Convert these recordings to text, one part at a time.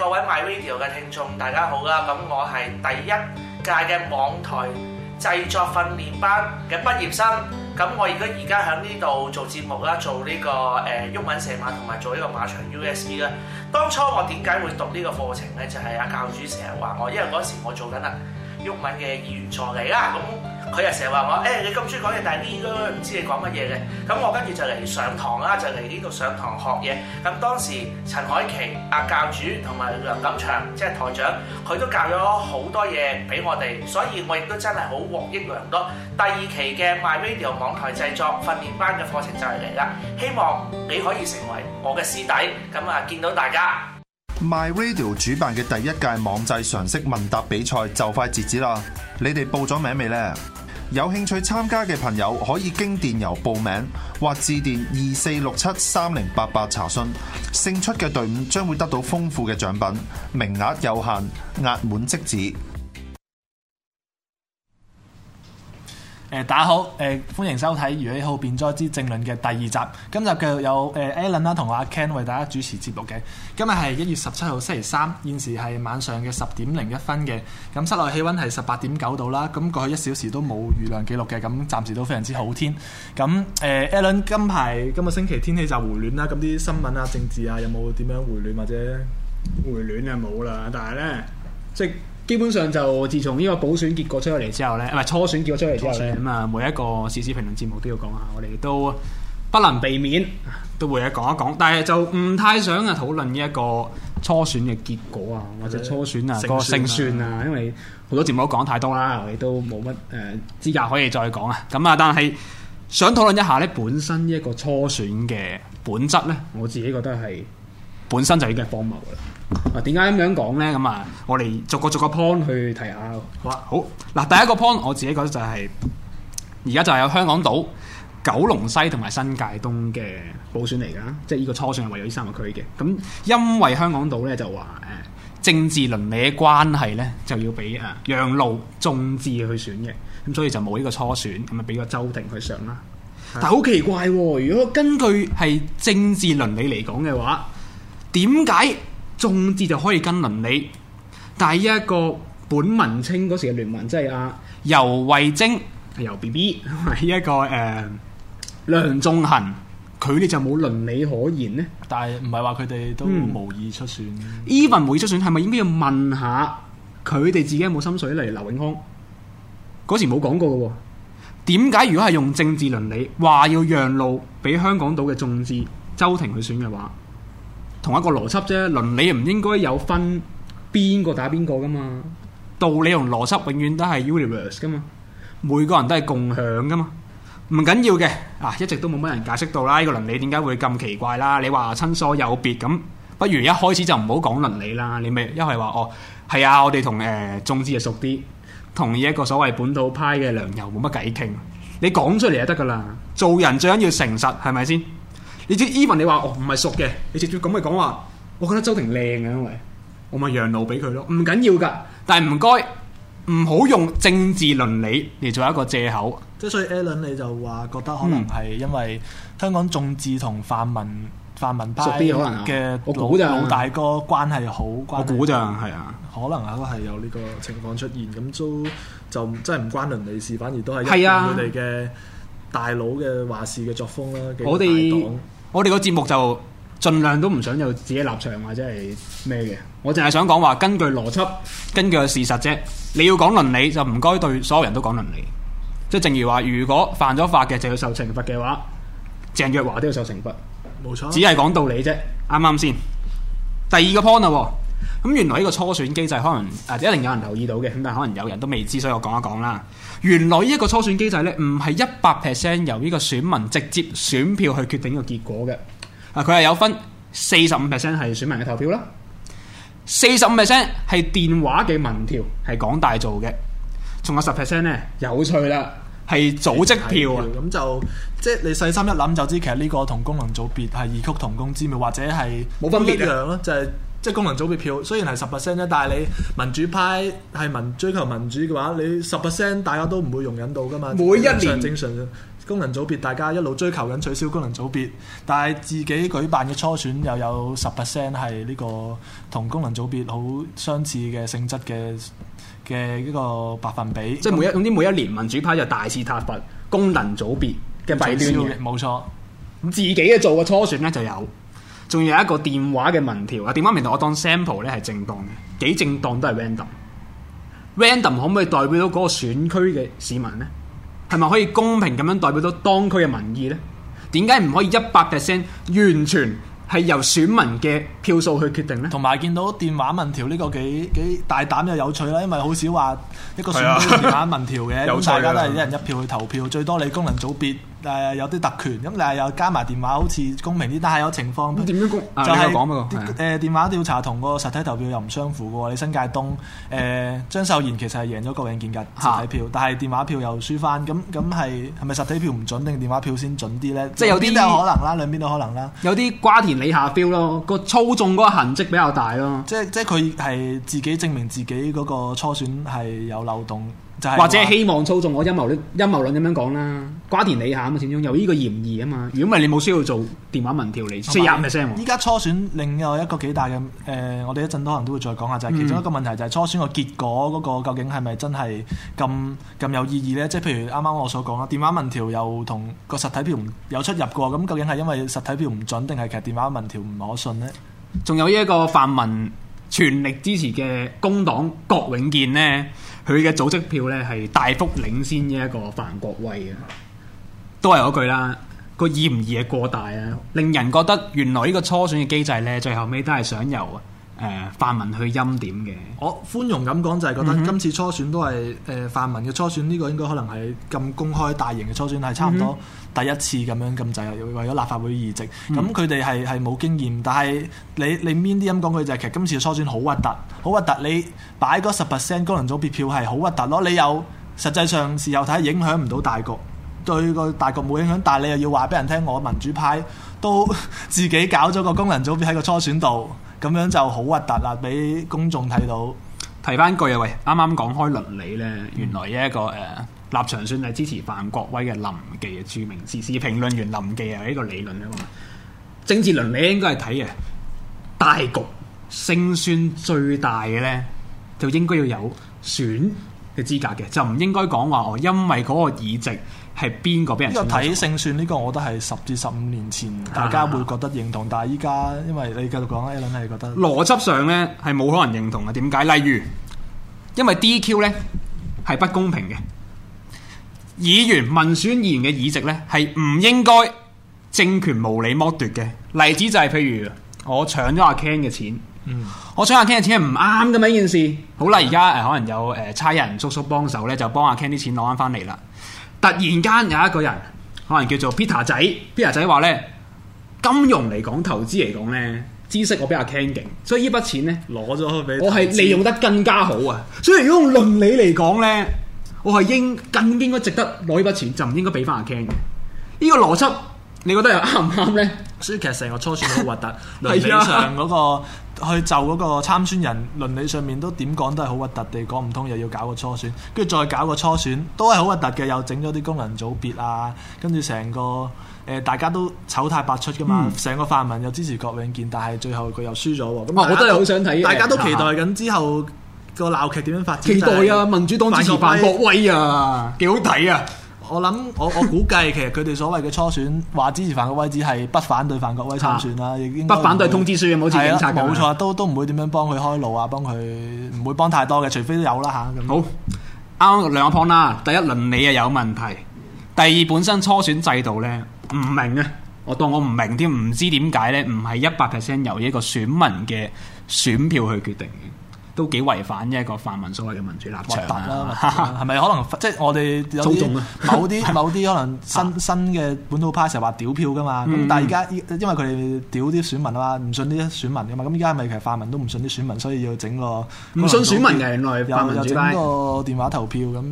各位 My Radio 嘅聽眾，大家好啦！咁我係第一屆嘅網台製作訓練班嘅畢業生，咁我而家而家喺呢度做節目啦，做呢、這個誒鬱、呃、文射馬同埋做呢個馬場 USB 啦。當初我點解會讀呢個課程呢？就係、是、阿教主成日話我，因為嗰時我做緊啊鬱文嘅議員賽嚟啦咁。佢又成日話我，誒、欸、你咁中意講嘢，但係呢個唔知你講乜嘢嘅。咁我跟住就嚟上堂啦，就嚟呢度上堂學嘢。咁當時陳海琪阿教主同埋梁錦祥即係台長，佢都教咗好多嘢俾我哋，所以我亦都真係好獲益良多。第二期嘅 My Radio 網台製作訓練班嘅課程就嚟嚟啦，希望你可以成為我嘅師弟。咁啊，見到大家 My Radio 主辦嘅第一屆網際常識問答比賽就快截止啦，你哋報咗名未呢？有興趣參加嘅朋友可以經電郵報名或致電二四六七三零八八查詢，勝出嘅隊伍將會得到豐富嘅獎品，名額有限，額滿即止。呃、大家好誒、呃，歡迎收睇《予豈好辯哉之政論》嘅第二集。今日繼續有誒 Allen 啦，同、呃、阿 Ken 為大家主持節目嘅。今日係一月十七號，星期三，現時係晚上嘅十點零一分嘅。咁室內氣温係十八點九度啦。咁過去一小時都冇雨量記錄嘅。咁暫時都非常之好天。咁誒、呃、Allen，今排今個星期天氣就回暖啦。咁啲新聞啊、政治啊，有冇點樣回暖或者回暖啊？冇啦。但係呢。即基本上就自從呢個補選結果出嚟之後呢，唔係初選結果出嚟之後呢咁啊，每一個時事評論節目都要講下，我哋都不能避免都會去講一講，但係就唔太想啊討論呢一個初選嘅結果啊，或者初選啊個勝算啊，因為好多節目都講太多啦，我哋都冇乜誒資格可以再講啊。咁啊，但係想討論一下呢本身呢一個初選嘅本質呢，我自己覺得係本身就已經係荒謬啦。啊，點解咁樣講呢？咁啊，我哋逐個逐個 point 去睇下、啊。好啊，好嗱，第一個 point，我自己覺得就係而家就係有香港島、九龍西同埋新界東嘅補選嚟噶、啊，即係呢個初選係為咗呢三個區嘅。咁、嗯、因為香港島咧就話誒、呃，政治倫理嘅關係咧就要俾誒、呃、讓路眾志去選嘅，咁、嗯、所以就冇呢個初選，咁啊俾個周庭去上啦、啊。啊、但好奇怪、啊，如果根據係政治倫理嚟講嘅話，點解？眾志就可以跟倫理，但依一個本文稱嗰時嘅聯盟、啊，即係阿游蕙禎、游 B BB , B，一個誒、uh, 梁頌恆，佢哋就冇倫理可言咧。但係唔係話佢哋都無意出選？Even、嗯、無意出選，係咪應該要問下佢哋自己有冇心水嚟？例如劉穎匡嗰時冇講過嘅喎。點解如果係用政治倫理話要讓路俾香港島嘅眾志周庭去選嘅話？同一個邏輯啫，倫理唔應該有分邊個打邊個噶嘛，道理同邏輯永遠都係 universe 噶嘛，每個人都係共享噶嘛，唔緊要嘅，嗱、啊、一直都冇乜人解釋到啦，呢、這個倫理點解會咁奇怪啦？你話親疏有別咁，不如一開始就唔好講倫理啦，你咪一係話哦，係啊，我哋同誒眾志就熟啲，同呢一個所謂本土派嘅梁游冇乜偈傾，你講出嚟就得噶啦，做人最緊要誠實，係咪先？你知 even 你話我唔係熟嘅，你直接咁咪講話，我覺得周庭靚嘅，因為我咪讓路俾佢咯，唔緊要噶。但係唔該，唔好用政治倫理嚟做一個藉口。即係所以 Allen 你就話覺得可能係因為香港眾志同泛民泛民包可能嘅我估就係老大哥關係好。我估就係啊，可能啊，都係有呢個情況出現。咁都就真係唔關倫理事，反而都係因為佢哋嘅大佬嘅話事嘅作風啦。我哋黨。我哋個節目就盡量都唔想有自己立場或者係咩嘅，我淨係想講話根據邏輯、根據事實啫。你要講倫理就唔該對所有人都講倫理，即係正如話，如果犯咗法嘅就要受懲罰嘅話，鄭若驊都要受懲罰，冇錯啊。只係講道理啫，啱啱先。第二個 point 啦，咁原來呢個初選機制可能啊一定有人留意到嘅，咁但係可能有人都未知，所以我講一講啦。原來呢一個初選機制咧，唔係一百 percent 由呢個選民直接選票去決定呢個結果嘅。啊，佢係有分四十五 percent 係選民嘅投票啦，四十五 percent 係電話嘅民調，係港大做嘅，仲有十 percent 咧，有趣啦，係組織票啊。咁就即係你細心一諗就知，其實呢個同功能組別係異曲同工之妙，或者係冇分別咯、啊，就係、是。即係功能組別票，雖然係十 percent 啫，但係你民主派係民追求民主嘅話，你十 percent 大家都唔會容忍到㗎嘛。每一年正常功能組別，大家一路追求緊取消功能組別，但係自己舉辦嘅初選又有十 percent 係呢個同功能組別好相似嘅性質嘅嘅呢個百分比。即係每一，總之公每一年民主派就大肆撻伐功能組別嘅弊端。冇錯。自己嘅做嘅初選呢就有。仲有一個電話嘅民調啊，電話名單我當 sample 咧係正當嘅，幾正當都係 random。random 可唔可以代表到嗰個選區嘅市民呢？係咪可以公平咁樣代表到當區嘅民意呢？點解唔可以一百 percent 完全係由選民嘅票數去決定呢？同埋見到電話民調呢個幾幾大膽又有趣啦，因為好少話一個選區電話民調嘅，是啊、 的大家都係一人一票去投票，最多你功能組別。誒有啲特權，咁誒又加埋電話好似公平啲，但係有情況。點樣公就係、是、誒、啊呃、電話調查同個實體投票又唔相符嘅喎。你新界東誒、呃嗯、張秀賢其實係贏咗國慶見格實體票，啊、但係電話票又輸翻。咁咁係係咪實體票唔準定電話票先準啲呢？即係有啲都有可能啦，兩邊都有可能啦。有啲瓜田李下 feel 咯，個操縱嗰個痕跡比較大咯、嗯。即即係佢係自己證明自己嗰個初選係有漏洞。或者希望操縱我陰謀論陰謀論咁樣講啦。瓜田李下咁始終，有呢個嫌疑啊嘛！如果唔係你冇需要做電話民調嚟，四廿五依家初選另外一個幾大嘅誒、呃，我哋一陣都可能都會再講下，就係、是、其中一個問題就係初選個結果嗰個究竟係咪真係咁咁有意義呢？即係譬如啱啱我所講啦，電話民調又同個實體票唔有出入過，咁究竟係因為實體票唔準定係其實電話民調唔可信呢？仲有呢一個泛民全力支持嘅工黨郭永健呢。佢嘅組織票呢，係大幅領先呢一個范國威嘅、啊，都係嗰句啦。個嫌疑係過大啊，令人覺得原來呢個初選嘅機制呢，最後尾都係想由誒、呃、泛民去欽點嘅。我、哦、寬容咁講，就係覺得今次初選都係誒、嗯哼呃、泛民嘅初選，呢個應該可能係咁公開大型嘅初選，係差唔多、嗯。第一次咁樣咁滯啊，為咗立法會議席，咁佢哋係係冇經驗，但係你你邊啲咁講佢，就係其實今次初選好核突，好核突，你擺嗰十 percent 功能組別票係好核突咯，你又實際上事後睇影響唔到大局，對個大局冇影響，但係你又要話俾人聽，我民主派都自己搞咗個功能組別喺個初選度，咁樣就好核突啦，俾公眾睇到。提翻句嘢，喂，啱啱講開倫理呢，原來一個誒。嗯呃立場算係支持范國威嘅林忌嘅著名時事評論員林忌啊，呢個理論啊嘛。政治倫理應該係睇嘅大局勝算最大嘅呢，就應該要有選嘅資格嘅，就唔應該講話哦。因為嗰個議席係邊個俾人睇勝算呢個，我覺得係十至十五年前大家會覺得認同，但係依家因為你繼續講 Allen 係覺得邏輯上呢係冇可能認同嘅。點解？例如因為 DQ 呢係不公平嘅。議員民選議員嘅議席咧，係唔應該政權無理剝奪嘅。例子就係譬如我搶咗阿 Ken 嘅錢，嗯、我搶阿 Ken 嘅錢係唔啱㗎嘛？呢件事，好啦，而家誒可能有誒差人叔叔幫手咧，就幫阿 Ken 啲錢攞翻翻嚟啦。突然間有一個人，可能叫做 Peter 仔，Peter 仔話咧，金融嚟講、投資嚟講咧，知識我比阿 Ken 勁，所以呢筆錢咧攞咗俾我係利用得更加好啊！所以如果用論理嚟講咧，我係應更應該值得攞呢筆錢，就唔應該俾翻阿 Ken 嘅。呢、這個邏輯，你覺得又啱唔啱呢？所以其實成個初選好核突，倫 理上嗰、那個 去就嗰個參選人，倫理上面都點講都係好核突地講唔通，又要搞個初選，跟住再搞個初選都係好核突嘅，又整咗啲功能組別啊，跟住成個誒、呃、大家都醜態百出噶嘛，成、嗯、個泛民又支持郭永健，但係最後佢又輸咗喎。咁啊，我真係好想睇、啊、大家都期待緊之後。個鬧劇點樣發展？期待啊！民主黨支持范國威啊，幾好睇啊！我諗我我估計其實佢哋所謂嘅初選話支持范國威，只係不反對范國威參選啦。已、啊、不，不反對通知書啊，好似警察冇錯，都都唔會點樣幫佢開路啊，幫佢唔會幫太多嘅，除非都有啦吓。啊、好啱兩個 point 啦，第一輪你啊有問題，第二本身初選制度咧唔明啊，我當我唔明添，唔知點解咧唔係一百 percent 由一個選民嘅選票去決定都幾違反一個泛民所謂嘅民主立場啦。係咪、啊啊、 可能 即係我哋有啲某啲 某啲可能新新嘅本土派成日話屌票噶嘛？咁、嗯嗯、但係而家因為佢哋屌啲選民啊嘛，唔信啲選民噶嘛？咁而家係咪其實泛民都唔信啲選民，所以要整個唔信選民嘅、啊、嚟，又又整個電話投票咁。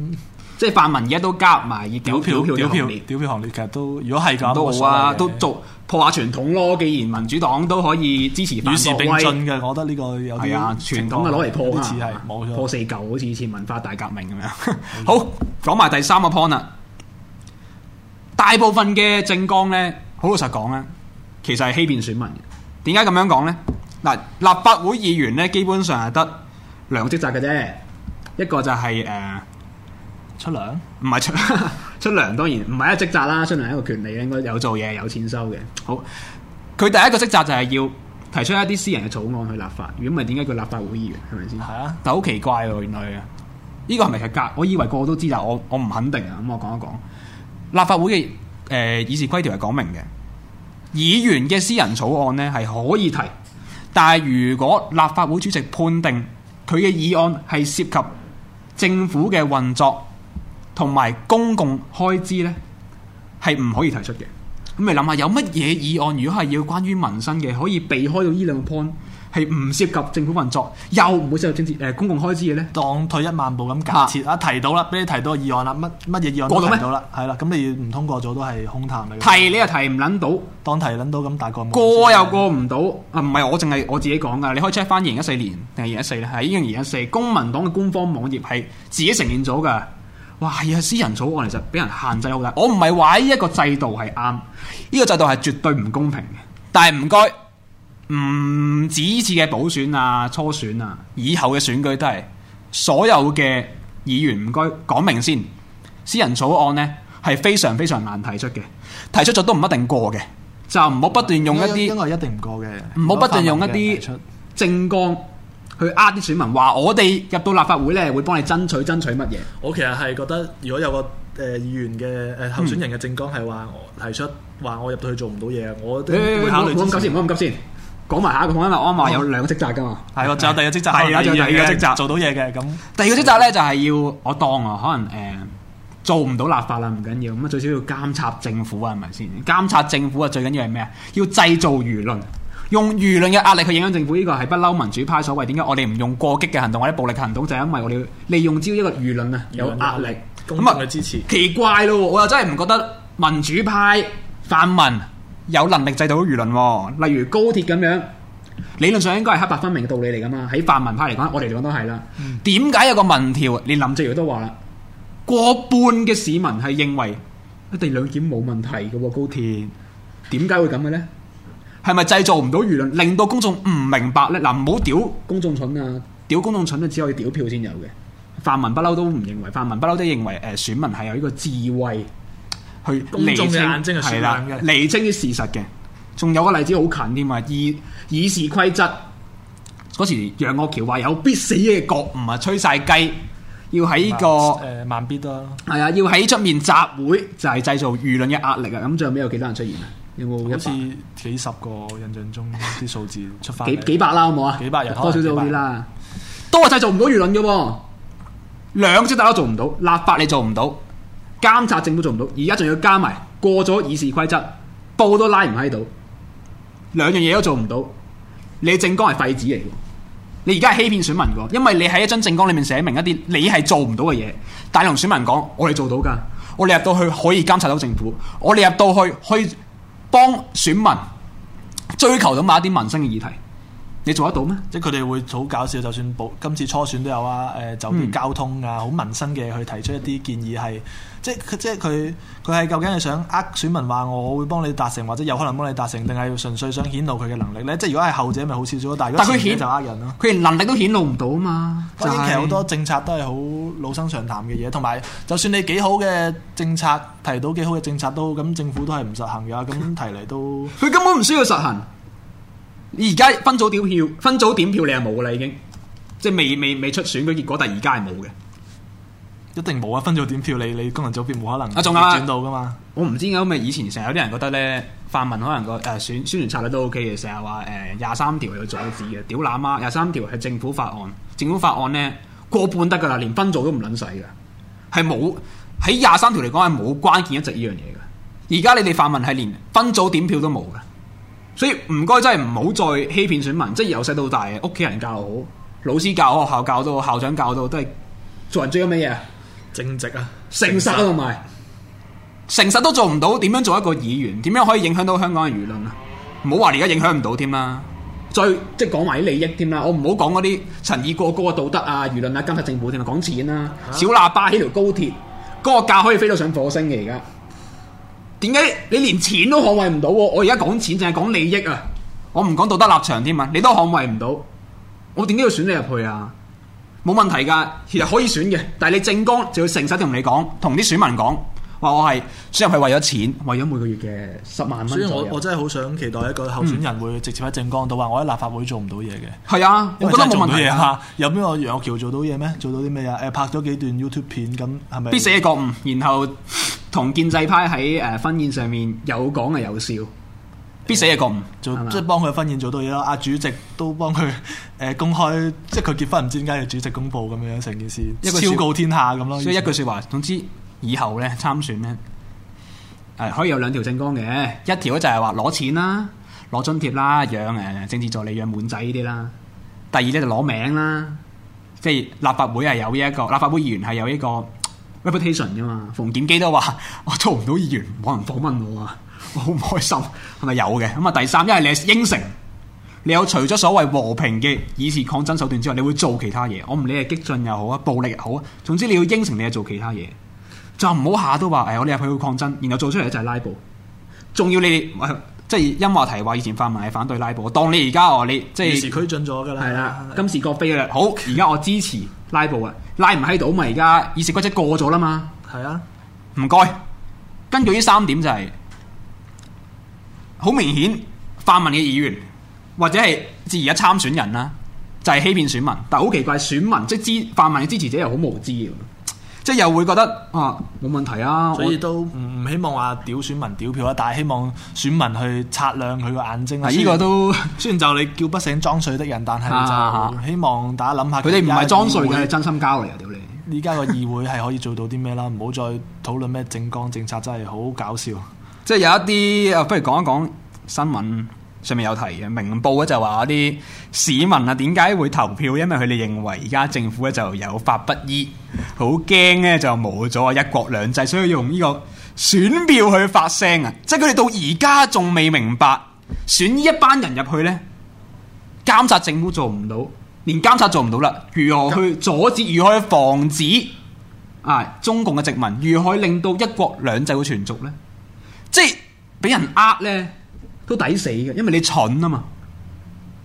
即係泛民而家都加埋，埋屌票行票、吊票行列，其實都，如果係咁都好啊，都做破下傳統咯。既然民主黨都可以支持，與時並進嘅，我覺得呢個有啲傳的統咪攞嚟破，破啊，破四舊好似似文化大革命咁樣。 好，講埋第三個 point 啊，大部分嘅政綱咧，好老實講咧，其實係欺騙選民嘅。點解咁樣講咧？嗱，立法會議員咧，基本上係得兩個職責嘅啫，一個就係、是、誒。呃出糧唔係是出 出糧當然唔係一個職責啦，出糧係一個權利，應該有做嘢有錢收嘅。好，佢第一個職責就係要提出一啲私人嘅草案去立法。如果唔係，點解叫立法會議員？係咪先？係啊，但好奇怪喎、啊，原來呢、呢個係咪係隔？我以為個個都知道，但我我唔肯定啊。咁我講一講，立法會嘅誒、呃、議事規條係講明嘅，議員嘅私人草案呢係可以提，但係如果立法會主席判定佢嘅議案係涉及政府嘅運作。同埋公共開支呢，係唔可以提出嘅。咁你諗下，有乜嘢議案？如果係要關於民生嘅，可以避開到呢兩個 point，係唔涉及政府運作，又唔會涉及政治誒、呃、公共開支嘅呢？當退一萬步咁，假設啊提到啦，俾你提到個議案啦，乜乜嘢議案都到過到到啦，係啦，咁你唔通過咗都係空談嚟。提你又提唔撚到，當提撚到咁大個，過又過唔到啊！唔係我淨係我自己講噶，你可以 check 翻二零一四年定係二零一四咧。喺呢樣二零一四，公民黨嘅官方網頁係自己承認咗噶。哇，係啊！私人草案其實俾人限制好大。我唔係話依一個制度係啱，呢、呢個制度係絕對唔公平嘅。但係唔該，唔止依次嘅補選啊、初選啊，以後嘅選舉都係所有嘅議員唔該講明先。私人草案呢係非常非常難提出嘅，提出咗都唔一定過嘅，就唔好不斷用一啲，因為一定唔過嘅，唔好不，不斷用一啲政綱。去呃啲選民話我哋入到立法會咧，會幫你爭取爭取乜嘢？我其實係覺得，如果有個誒議員嘅誒、呃、候選人嘅政綱係話，我提出話我入到去做唔到嘢，我誒唔好唔先，唔好咁急先，講埋下一個講緊安法有兩個職責噶嘛。係喎，就有第二職責，的第二個的第二個職責做到嘢嘅咁。第二個職責咧就係要我當啊，可能誒、呃、做唔到立法啦，唔緊要咁啊，最少要監察政府啊，係咪先？監察政府啊，最緊要係咩啊？要製造輿論。用輿論嘅壓力去影響政府，呢個係不嬲民主派所為。點解我哋唔用過激嘅行動或者暴力行動？就係、是、因為我哋利用咗一個輿論啊，有壓力，咁多人支持。奇怪咯，我又真係唔覺得民主派泛民有能力製造輿論喎。例如高鐵咁樣，理論上應該係黑白分明嘅道理嚟噶嘛。喺泛民派嚟講，我哋嚟講都係啦。點解、嗯、有個民調，連林鄭月娥都話啦，過半嘅市民係認為一地兩檢冇問題嘅。高鐵點解會咁嘅呢？係咪製造唔到輿論，令到公眾唔明白咧？嗱、啊，唔好屌公眾蠢啊！屌公眾蠢啊，只可以屌票先有嘅。泛民不嬲都唔認為，泛民不嬲都認為，誒、呃，選民係有呢個智慧去。公眾眼睛係雪亮嘅，厘清啲事實嘅。仲有個例子好近添啊，以議事規則嗰時楊岳橋話有必死嘅覺悟啊，吹晒雞要喺呢個誒萬必咯，係啊，要喺出、這個呃、面集會就係、是、製造輿論嘅壓力啊。咁最後尾有幾多人出現啊？有冇？好似幾十個印象中啲數字出翻， 幾幾百啦，好冇？好啊？幾百人，多少少啲啦。多就做唔到輿論嘅，兩隻大佬做唔到，立法你做唔到，監察政府做唔到。而家仲要加埋過咗議事規則，布都拉唔喺度，兩樣嘢都做唔到。你政綱係廢紙嚟，你而家係欺騙選民嘅，因為你喺一張政綱裏面寫明一啲你係做唔到嘅嘢，但同選民講我哋做到噶，我哋入到去可以監察到政府，我哋入到去可幫選民追求到某一啲民生嘅議題。你做得到咩？即係佢哋會好搞笑，就算保今次初選都有啊。誒、呃，就啲交通啊，好、嗯、民生嘅去提出一啲建議係，即係即係佢佢係究竟係想呃選民話我會幫你達成，或者有可能幫你達成，定係純粹想顯露佢嘅能力呢？即係如果係後者，咪好少少。但係如果佢顯就呃人咯，佢連能力都顯露唔到啊嘛。當然，其實好、就是、多政策都係好老生常談嘅嘢，同埋就算你幾好嘅政策，提到幾好嘅政策都咁，政府都係唔實行噶。咁提嚟都佢 根本唔需要實行。而家分組點票，分組點票你係冇啦，已經即係未未未出選嘅結果，但係而家係冇嘅，一定冇啊！分組點票，你你功能組別冇可能會轉啊，仲啊轉到噶嘛？我唔知點解。因為以前成日有啲人覺得咧，泛民可能個誒選、啊、宣傳策略都 OK 嘅，成日話誒廿三條有阻止嘅。屌乸媽，廿三條係政府法案，政府法案咧過半得噶啦，連分組都唔卵使噶，係冇喺廿三條嚟講係冇關鍵一席呢樣嘢噶。而家你哋泛民係連分組點票都冇噶。所以唔該，真係唔好再欺騙選民。即係由細到大屋企人教好，老師教，學校教到，校長教到，都係做人最緊要乜嘢？正直啊，誠實同埋誠實都做唔到，點樣做一個議員？點樣可以影響到香港嘅輿論啊？唔好話而家影響唔到添啦。再即係講埋啲利益添、啊、啦。我唔好講嗰啲陳義過高嘅道德啊、輿論啊、監察政府、啊，淨係講錢啦、啊。啊、小喇叭起條高鐵，個價可以飛到上火星嘅而家。點解你連錢都捍衛唔到？我而家講錢淨係講利益啊！我唔講道德立場添啊！你都捍衛唔到，我點解要選你入去啊？冇問題噶，其實可以選嘅，但係你政綱就要誠實同你講，同啲選民講。話我係選人係為咗錢，為咗每個月嘅十萬蚊。所以我我真係好想期待一個候選人會直接喺政綱度話，我喺立法會做唔到嘢嘅。係啊，我覺得冇問題啊。有邊個楊岳橋做到嘢咩？做到啲咩啊？誒，拍咗幾段 YouTube 片咁係咪？是是必死嘅覺悟，然後同建制派喺誒婚宴上面有講又有笑，嗯、必死嘅覺悟，做即係幫佢婚宴做到嘢咯。阿、啊、主席都幫佢誒公開，即係佢結婚唔知點解要主席公布咁樣成件事，一個昭告天下咁咯。所以一句說話，總之。以後咧參選咧，誒、哎、可以有兩條政綱嘅，一條咧就係話攞錢啦、攞津貼啦、養誒政治助理、養滿仔依啲啦。第二咧就攞名啦，即係立法會係有呢一個立法會議員係有呢個 reputation 噶嘛。馮檢基都話：我做唔到議員，冇人訪問我啊，我好唔開心。係咪有嘅？咁啊，第三因為你係應承，你有除咗所謂和平嘅以示抗爭手段之外，你會做其他嘢。我唔理係激進又好啊，暴力好啊，總之你要應承你係做其他嘢。就唔好下都話，誒、哎，我哋入去要抗爭，然後做出嚟就係拉布，仲要你、呃、即係因話題話以前泛民係反對拉布，當你而家哦，你即係，時佢進咗噶啦，係啦的，的今時各飛啦，好，而家 我支持拉布啊，拉唔喺度，咁咪而家議事規則過咗啦嘛，係啊的，唔該，根據呢三點就係、是、好明顯，泛民嘅議員或者係至而家參選人啦，就係、是、欺騙選民，但係好奇怪，選民即係泛民嘅支持者又好無知即係又會覺得啊，冇問題啊，所以都唔唔希望話屌選民屌票啊，我但係希望選民去擦亮佢個眼睛啊！依個都雖然， 雖然就你叫不醒裝睡的人，但係就希望大家諗下佢哋唔係裝睡嘅，係真心交嚟啊！屌你！依家個議會係可以做到啲咩啦？唔好 再討論咩政綱政策，真係好搞笑。即係有一啲，不如講一講新聞。嗯上面有提嘅明報咧就話啲市民啊，點解會投票？因為佢哋認為而家政府咧就有法不依，好驚咧就冇咗一國兩制，所以要用呢個選票去發聲啊！即係佢哋到而家仲未明白，選呢一班人入去呢，監察政府做唔到，連監察做唔到啦。如何去阻止？如何去防止啊？中共嘅殖民？如何令到一國兩制會存續呢？即係俾人呃呢。都抵死嘅，因為你蠢啊嘛，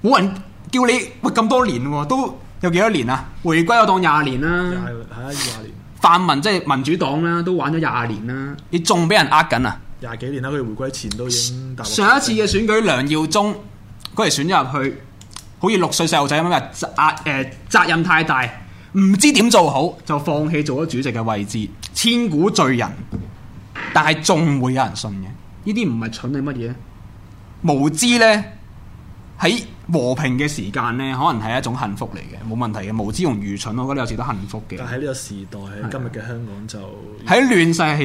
冇人叫你喂咁多年，都有幾多年啊？年啊回歸我當廿年啦、啊，廿廿廿年。泛民即係民主黨啦、啊，都玩咗廿年啦。你仲俾人呃緊啊？廿幾、啊、年啦，佢回歸前都已經。上一次嘅選舉，梁耀忠佢嚟選咗入去，好似六歲細路仔咁樣嘅！壓誒、呃、責任太大，唔知點做好，就放棄做咗主席嘅位置，千古罪人。但係仲會有人信嘅？呢啲唔係蠢係乜嘢？無知呢，喺和平嘅時間呢，可能係一種幸福嚟嘅，冇問題嘅。無知同愚蠢，我覺得有時都幸福嘅。但喺呢個時代喺的今日嘅香港就喺亂世係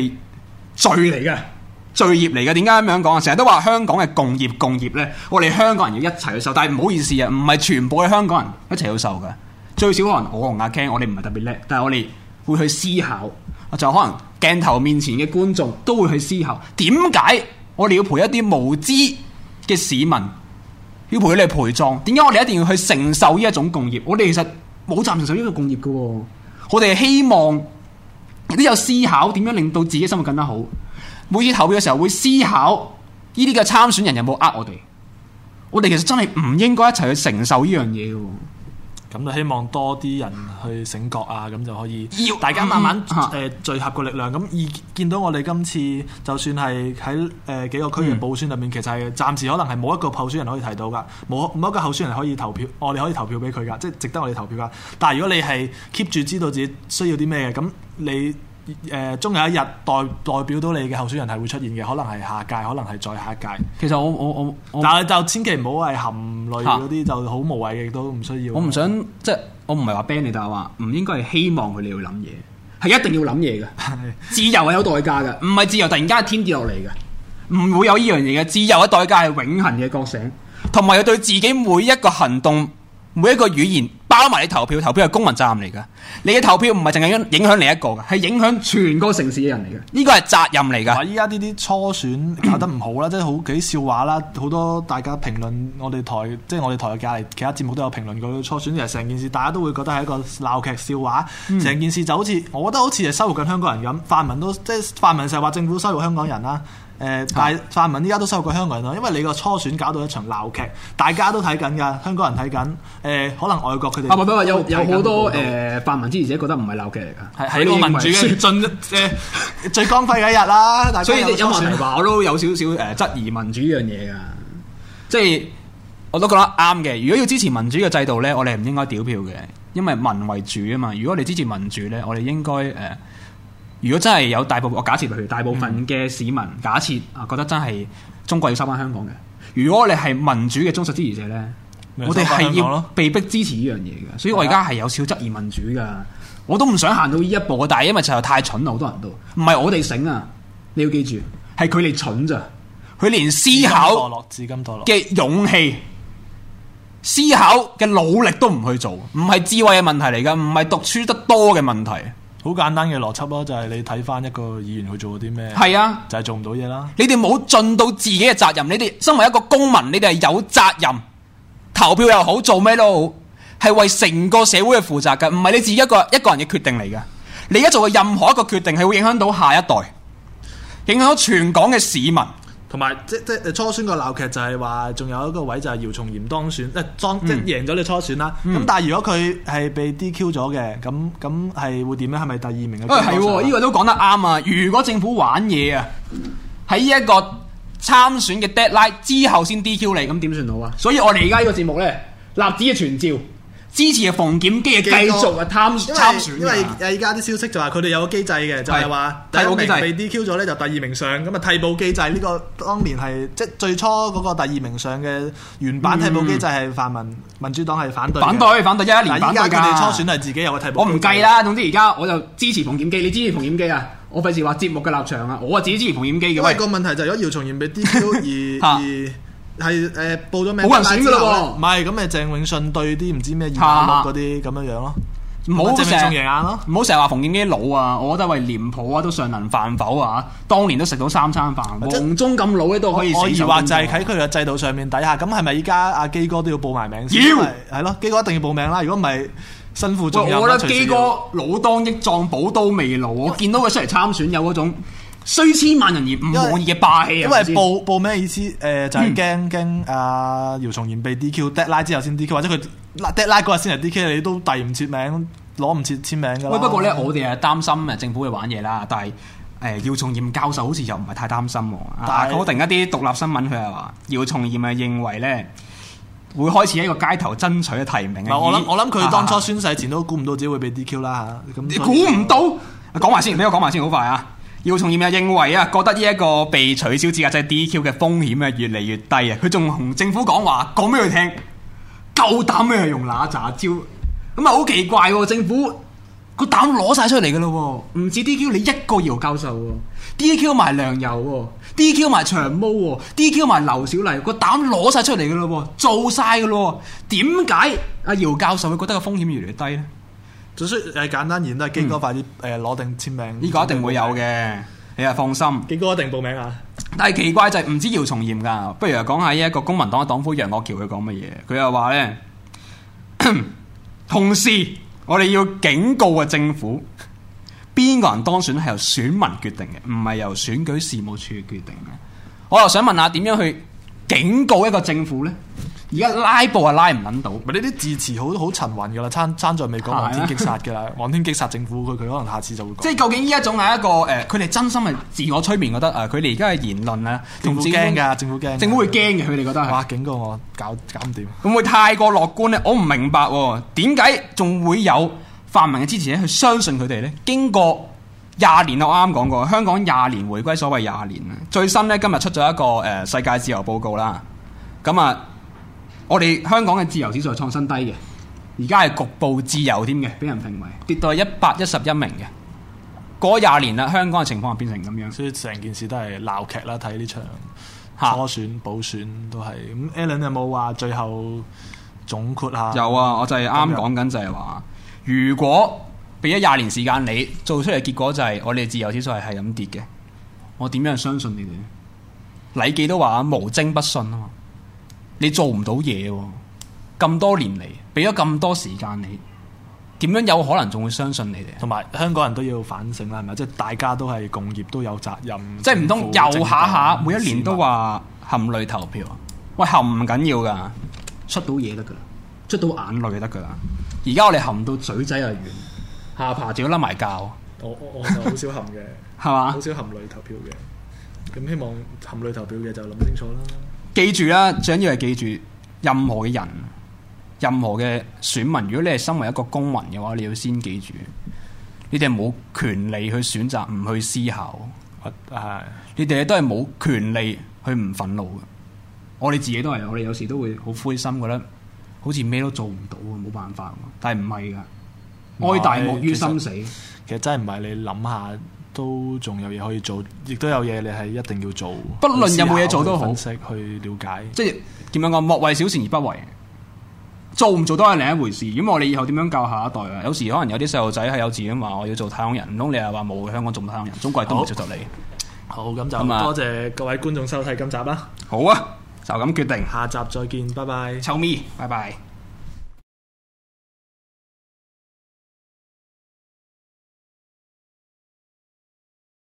罪嚟嘅，罪孽嚟嘅。點解咁樣講啊？成日都話香港嘅共業共業呢，我哋香港人要一齊去受，但係唔好意思啊，唔係全部嘅香港人一齊去受嘅。最少可能我同阿 Ken，我哋唔係特別叻，但係我哋會去思考，就可能鏡頭面前嘅觀眾都會去思考，點解我哋要陪一啲無知。嘅市民要陪佢哋陪葬，點解我哋一定要去承受呢一種共業？我哋其實冇責任承受呢個共業嘅喎、哦，我哋係希望啲有思考點樣令到自己生活更加好。每次投票嘅時候會思考呢啲嘅參選人有冇呃我哋，我哋其實真係唔應該一齊去承受呢樣嘢嘅。咁就希望多啲人去醒覺啊，咁就可以大家慢慢誒聚合個力量。咁而見到我哋今次就算係喺誒幾個區議補選入面，其實係暫時可能係冇一個候選人可以提到㗎，冇冇一個候選人可以投票，我哋可以投票畀佢㗎，即係值得我哋投票㗎。但係如果你係 keep 住知道自己需要啲咩嘅，咁你。誒、呃，終有一日代代表到你嘅候選人係會出現嘅，可能係下屆，可能係再下一屆。其實我我我，我但係我就千祈唔好係含淚嗰啲，哈就好無謂嘅，亦都唔需要。我唔想、呃、即係我唔係話 ban 你，但係話唔應該係希望佢哋要諗嘢，係一定要諗嘢嘅。自由係有代價㗎，唔係自由突然間天跌落嚟嘅，唔會有呢樣嘢嘅。自由嘅代價係永恆嘅覺醒，同埋要對自己每一個行動、每一個語言。包埋你投票，投票係公民責任嚟噶。你嘅投票唔係淨係影影響你一個㗎，係影響全個城市嘅人嚟嘅。呢個係責任嚟㗎。依家呢啲初選搞得唔好啦， 即係好幾笑話啦。好多大家評論我哋台，即係我哋台嘅隔籬其他節目都有評論過佢初選，其實成件事大家都會覺得係一個鬧劇笑話。成、嗯、件事就好似，我覺得好似係收穫緊香港人咁，泛民都即係泛民，就係話政府收穫香港人啦。誒，但係泛民依家都收過香港人咯，因為你個初選搞到一場鬧劇，大家都睇緊㗎，香港人睇緊。誒、呃，可能外國佢哋，啊唔係唔係，有有好多誒泛、呃、民支持者覺得唔係鬧劇嚟㗎，係係民主嘅 最光輝嘅一日啦。大有所以有問題話我都有少少誒質疑民主呢樣嘢㗎，即係我都覺得啱嘅。如果要支持民主嘅制度咧，我哋唔應該屌票嘅，因為民為主啊嘛。如果你支持民主咧，我哋應該誒。呃。如果真係有大部，我假設譬如大部分嘅市民、嗯、假設啊覺得真係中國要收翻香港嘅，如果你係民主嘅忠實支持者呢，我哋係要被逼支持呢樣嘢嘅，所以我而家係有少質疑民主噶，我都唔想行到呢一步，但係因為實在太蠢啦，好多人都唔係我哋醒啊，嗯、你要記住，係佢哋蠢咋，佢連思考嘅勇氣、思考嘅努力都唔去做，唔係智慧嘅問題嚟噶，唔係讀書得多嘅問題。好簡單嘅邏輯咯，就係你睇翻一個議員去做啲咩，係啊，就係做唔到嘢啦。你哋冇盡到自己嘅責任，你哋身為一個公民，你哋係有責任投票又好，做咩都好，係為成個社會去負責嘅，唔係你自己一個一個人嘅決定嚟嘅。你而家做嘅任何一個決定，係會影響到下一代，影響到全港嘅市民。同埋即即初選個鬧劇就係話，仲有一個位就係姚松炎當選，誒莊、嗯、即贏咗你初選啦。咁、嗯、但係如果佢係被 DQ 咗嘅，咁咁係會點咧？係咪第二名嘅？誒係、哎、依、這個都講得啱啊！如果政府玩嘢啊，喺呢一個參選嘅 deadline 之後先 DQ 你，咁點算好啊？所以我哋而家呢個節目咧，立子嘅傳召。支持啊！馮檢基啊，繼續啊參參選。因為依家啲消息就話佢哋有個機制嘅，就係話替補機制被 DQ 咗咧，就第二名上。咁啊，替補機制呢個當年係即係最初嗰個第二名上嘅原版替補機制係泛民民主黨係反對。反對反對一一年。而家佢哋初選係自己有個替補。我唔計啦。總之而家我就支持馮檢基。你支持馮檢基啊？我費事話節目嘅立場啊！我啊自己支持馮檢基嘅。喂，個問題就係如果姚松炎被 DQ 而而。係誒、呃、報咗名，冇人醒噶咯喎！唔、嗯、係，咁咪鄭永信對啲唔知咩葉百墨嗰啲咁樣樣咯，冇唔好成日話馮檢基老啊！我覺得為廉頗啊都尚能飯否啊！當年都食到三餐飯，從中咁老咧都可以。在 Listen, 我疑惑就係喺佢嘅制度上面底下，咁係咪依家阿基哥都要報埋名先？係咯，基哥一定要報名啦！如果唔係，辛苦仲有。我覺得基哥 老當益壯，寶刀未老 我見到佢出嚟參選有嗰種。雖千萬人而唔滿意嘅霸氣啊！因為報報咩意思？誒就係驚驚啊！姚松炎被 DQ 掉拉之後先 DQ，或者佢掉拉嗰日先係 DQ，你都遞唔切名，攞唔切簽名㗎。不過咧，我哋係擔心啊，政府會玩嘢啦。但係誒，姚松炎教授好似又唔係太擔心喎。但係確定一啲獨立新聞，佢係話姚松炎係認為咧會開始喺個街頭爭取提名。我諗我諗佢當初宣誓前都估唔到自己會被 DQ 啦嚇。咁你估唔到？講埋先，俾我講埋先，好快啊！姚松炎又認為啊，覺得呢一個被取消資格即 DQ 嘅風險啊，越嚟越低啊！佢仲同政府講話，講俾佢聽，夠膽咩用嗱喳招？咁啊好奇怪，政府個膽攞曬出嚟噶啦，唔止 DQ 你一個姚教授，DQ 埋梁游，DQ 埋長毛，DQ 埋劉小麗，個膽攞曬出嚟噶啦，做曬噶啦，點解阿姚教授會覺得個風險越嚟越低咧？仲需誒簡單言，然都係基哥快啲誒攞定簽名，呢、嗯、個一定會有嘅，嗯、你啊放心。基哥一定報名啊！但係奇怪就係唔知姚松炎噶，不如又講下依一個公民黨嘅黨魁楊岳橋佢講乜嘢？佢又話咧，同時我哋要警告啊政府，邊個人當選係由選民決定嘅，唔係由選舉事務處決定嘅。我又想問下，點樣去警告一個政府咧？而家拉布啊，拉唔撚到，呢啲字詞好好循環噶啦，撐撐在美國，黃天擊殺噶啦，黃 天擊殺政府佢，佢可能下次就會講。即係究竟呢一種係一個誒，佢、呃、哋真心係自我催眠覺得、呃、啊，佢哋而家嘅言論咧，政府驚噶，政府驚，政府會驚嘅，佢哋覺得。哇！警告我搞搞唔掂。會唔會太過樂觀呢？我唔明白點解仲會有泛民嘅支持者咧？去相信佢哋呢？經過廿年我啱啱講過香港廿年回歸，所謂廿年，最新呢，今日出咗一個誒世界自由報告啦，咁啊～我哋香港嘅自由指數係創新低嘅，而家係局部自由添嘅，俾人評為跌到一百一十一名嘅。嗰廿年啦，香港嘅情況就變成咁樣，所以成件事都係鬧劇啦。睇呢場初選、補哈選都係。咁 Allen 有冇話最後總括下？有啊，我就係啱講緊就係話，樣如果俾咗廿年時間你做出嚟結果就係、是、我哋自由指數係係咁跌嘅，我點樣相信你哋？禮記都話無徵不信啊。啊嘛。你做唔到嘢喎、啊？咁多年嚟，俾咗咁多時間你，點樣有可能仲會相信你哋、啊？同埋香港人都要反省啦，係咪？即、就、係、是、大家都係共業，都有責任。即係唔通又下下每一年都話含淚投票？喂，含唔緊要㗎，出到嘢得㗎，出到眼淚得㗎啦。而家、嗯、我哋含到嘴仔又軟，下巴仲要甩埋骹。我我我就好少含嘅，係嘛？好少含淚投票嘅。咁希望含淚投票嘅就諗清楚啦。記住啦，最緊要係記住任何嘅人，任何嘅選民。如果你係身為一個公民嘅話，你要先記住，你哋冇權利去選擇，唔去思考，係、啊、你哋都係冇權利去唔憤怒嘅。我哋自己都係，我哋有時都會好灰心，覺得好似咩都做唔到，冇辦法。但係唔係噶，哀大莫過於心死其。其實真係唔係你諗下，都仲有嘢可以做，亦都有嘢你係一定要做。不論有冇嘢做都好，去分析，去了解。即係點樣講，莫為小事而不為。做唔做都係另一回事。咁我哋以後點樣教下一代啊？有時可能有啲細路仔係幼稚園話，我要做太空人。唔通你又話冇香港做太空人？中國都唔接受你。好，好，咁就多謝各位觀眾收睇今集啦。好啊，就咁決定，下集再見，拜拜。臭咪，拜拜。